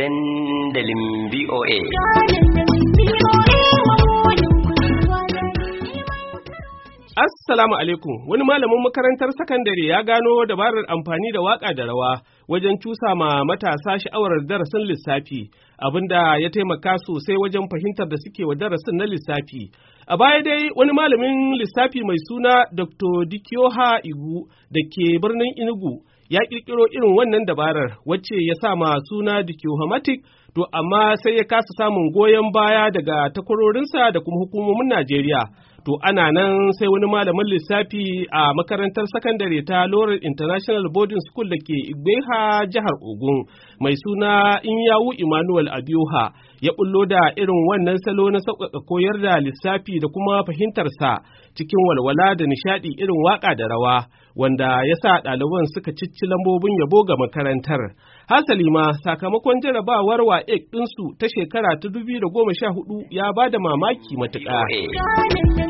dandalin VOA. Assalamu alaikum, wani malamin makarantar sakandare ya gano dabarar amfani da waƙa da rawa wajen cusa ma matasa sha'awar darasin lissafi, abinda ya taimaka sosai wajen fahimtar da suke wa darasin na lissafi. A baya dai wani malamin lissafi mai suna Dr. Dikyoha Igu da ke birnin Inugu ya ƙirƙiro irin wannan dabarar wacce ya sa ma suna dicohamatic to amma sai ya kasa samun goyon baya daga takwarorinsa da kuma hukumomin Najeriya. To ana nan sai wani malamin lissafi a makarantar sakandare ta Laurel International Boarding School da ke Igbeha jihar Ogun mai suna Inyawu Emmanuel Abioha ya bullo da irin wannan salo na sauƙaƙa koyar da lissafi da kuma fahimtarsa cikin walwala da nishaɗi irin waƙa da rawa. wanda ya sa ɗaliban suka cicci lambobin yabo ga makarantar. Hasali ma sakamakon jarabawar WAEC ɗinsu ta shekara ta 2014 ya ba da mamaki matuƙa.